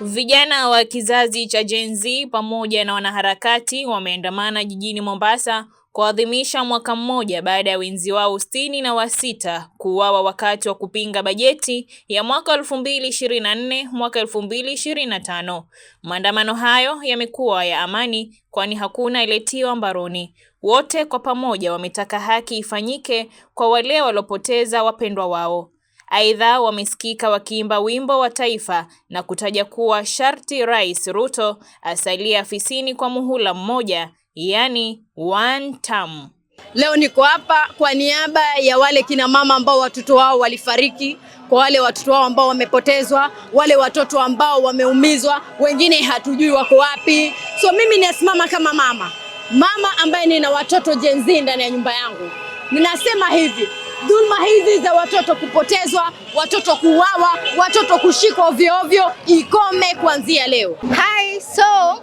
Vijana wa kizazi cha Gen Z pamoja na wanaharakati wameandamana jijini Mombasa kuadhimisha mwaka mmoja baada ya wenzi wao sitini na wasita kuuawa wakati wa kupinga bajeti ya mwaka 2024 mwaka 2025. Maandamano hayo yamekuwa ya amani, kwani hakuna aliyetiwa mbaroni. Wote kwa pamoja wametaka haki ifanyike kwa wale waliopoteza wapendwa wao. Aidha, wamesikika wakiimba wimbo wa taifa na kutaja kuwa sharti Rais Ruto asalie afisini kwa muhula mmoja yani one term. Leo niko hapa kwa niaba ya wale kina mama ambao watoto wao walifariki, kwa wale watoto wao ambao wamepotezwa, wale watoto ambao wameumizwa, wengine hatujui wako wapi. So mimi nasimama kama mama, mama ambaye nina watoto Gen Z ndani ya nyumba yangu, ninasema hivi dhulma hizi za watoto kupotezwa, watoto kuuawa, watoto kushikwa ovyo ovyo ikome kuanzia leo. Hi, so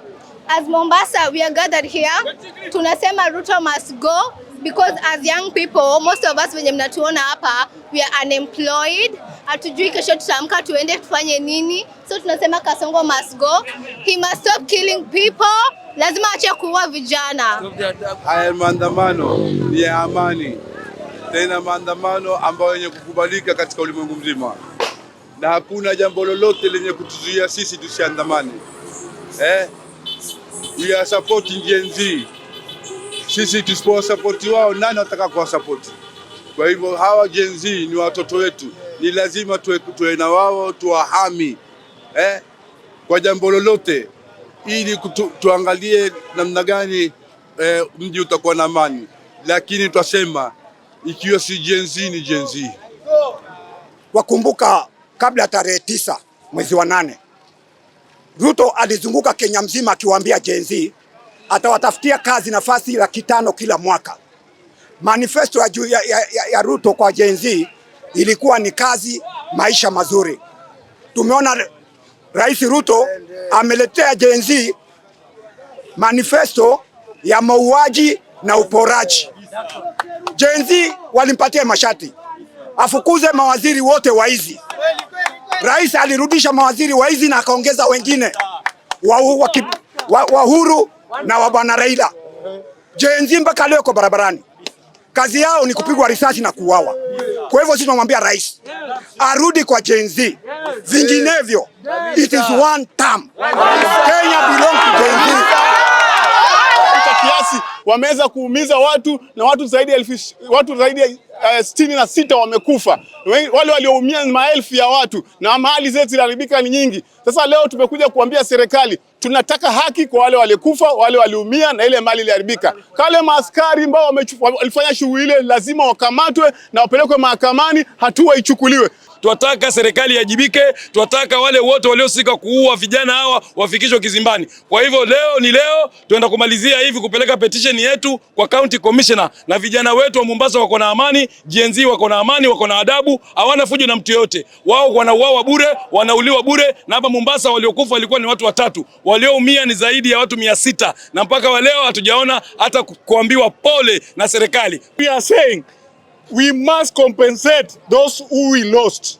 As Mombasa, we are gathered here. Tunasema Ruto must go because as young people, most of us wenye mnatuona hapa, we are unemployed. Hatujui kesho tutaamka tuende tufanye nini? So tunasema Kasongo must go. He must stop killing people. Lazima aache kuua vijana. Haya maandamano ni ya amani, tena maandamano ambayo yenye kukubalika katika ulimwengu mzima, na hakuna jambo lolote lenye kutuzuia sisi tusiandamane, eh? we are supporting Gen Z. Sisi tusipowasapoti wao, nani wataka kuwasapoti? Kwa hivyo hawa Gen Z ni watoto wetu, ni lazima tuwe, tuwe na wao tuwahami eh, kwa jambo lolote ili kutu, tuangalie namna gani eh, mji utakuwa na amani, lakini twasema ikiwa si Gen Z ni Gen Z. Wakumbuka kabla ya tarehe tisa mwezi wa nane Ruto alizunguka Kenya mzima akiwaambia Gen Z atawatafutia kazi nafasi laki tano kila mwaka. Manifesto ya, ya, ya, ya Ruto kwa Gen Z ilikuwa ni kazi, maisha mazuri. Tumeona Rais Ruto ameletea Gen Z manifesto ya mauaji na uporaji. Gen Z walimpatia mashati afukuze mawaziri wote waizi Rais alirudisha mawaziri wa hizi na akaongeza wengine wa huru na wa bwana Raila. Jenzi mpaka leo kwa barabarani, kazi yao ni kupigwa risasi na kuuawa. Kwa hivyo sisi tunamwambia rais arudi kwa Z, vinginevyo it is one term. Kenya belong to Jenzi. Kiasi wameweza kuumiza watu na watu zaidi ya watu zaidi uh, sitini na sita wamekufa, wale walioumia maelfu ya watu, na mali zetu ziliharibika ni nyingi. Sasa leo tumekuja kuambia serikali tunataka haki kwa wale walikufa, wale waliumia na ile mali iliharibika. Kale maaskari ambao walifanya shughuli ile lazima wakamatwe na wapelekwe mahakamani, hatua ichukuliwe. Twataka serikali iajibike, tuataka wale wote waliosika kuua vijana hawa wafikishwe kizimbani. Kwa hivyo leo ni leo, tuenda kumalizia hivi kupeleka petition yetu kwa county commissioner, na vijana wetu wa Mombasa wako na amani, Gen Z wako na amani, wako na adabu, hawana fujo na mtu yote. Wao wanauawa bure, wanauliwa bure, na hapa Mombasa waliokufa walikuwa ni watu watatu, walioumia ni zaidi ya watu mia sita na mpaka wa leo hatujaona hata kuambiwa pole na serikali. We are saying we must compensate those who we lost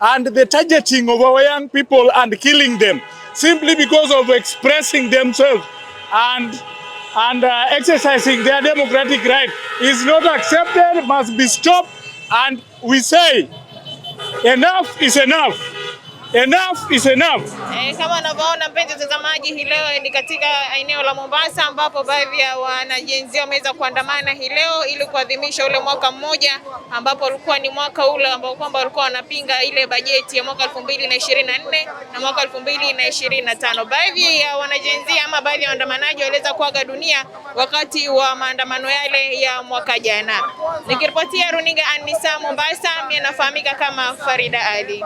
and the targeting of our young people and killing them simply because of expressing themselves and and uh, exercising their democratic right is not accepted must be stopped and we say enough is enough Enough is enough. Eh, kama unavyoona mpenzi mtazamaji, hii leo ni katika eneo la Mombasa ambapo baadhi ya wanajenzi wameweza kuandamana hii leo ili kuadhimisha ule mwaka mmoja ambapo ulikuwa ni mwaka ule ambao kwamba walikuwa wanapinga ile bajeti ya mwaka 2024 na mwaka 2025. Baadhi ya wanajenzi ama baadhi ya waandamanaji waliweza kuaga dunia wakati wa maandamano yale ya mwaka jana. Nikiripotia Runinga Anisa Mombasa, mimi nafahamika kama Farida Ali.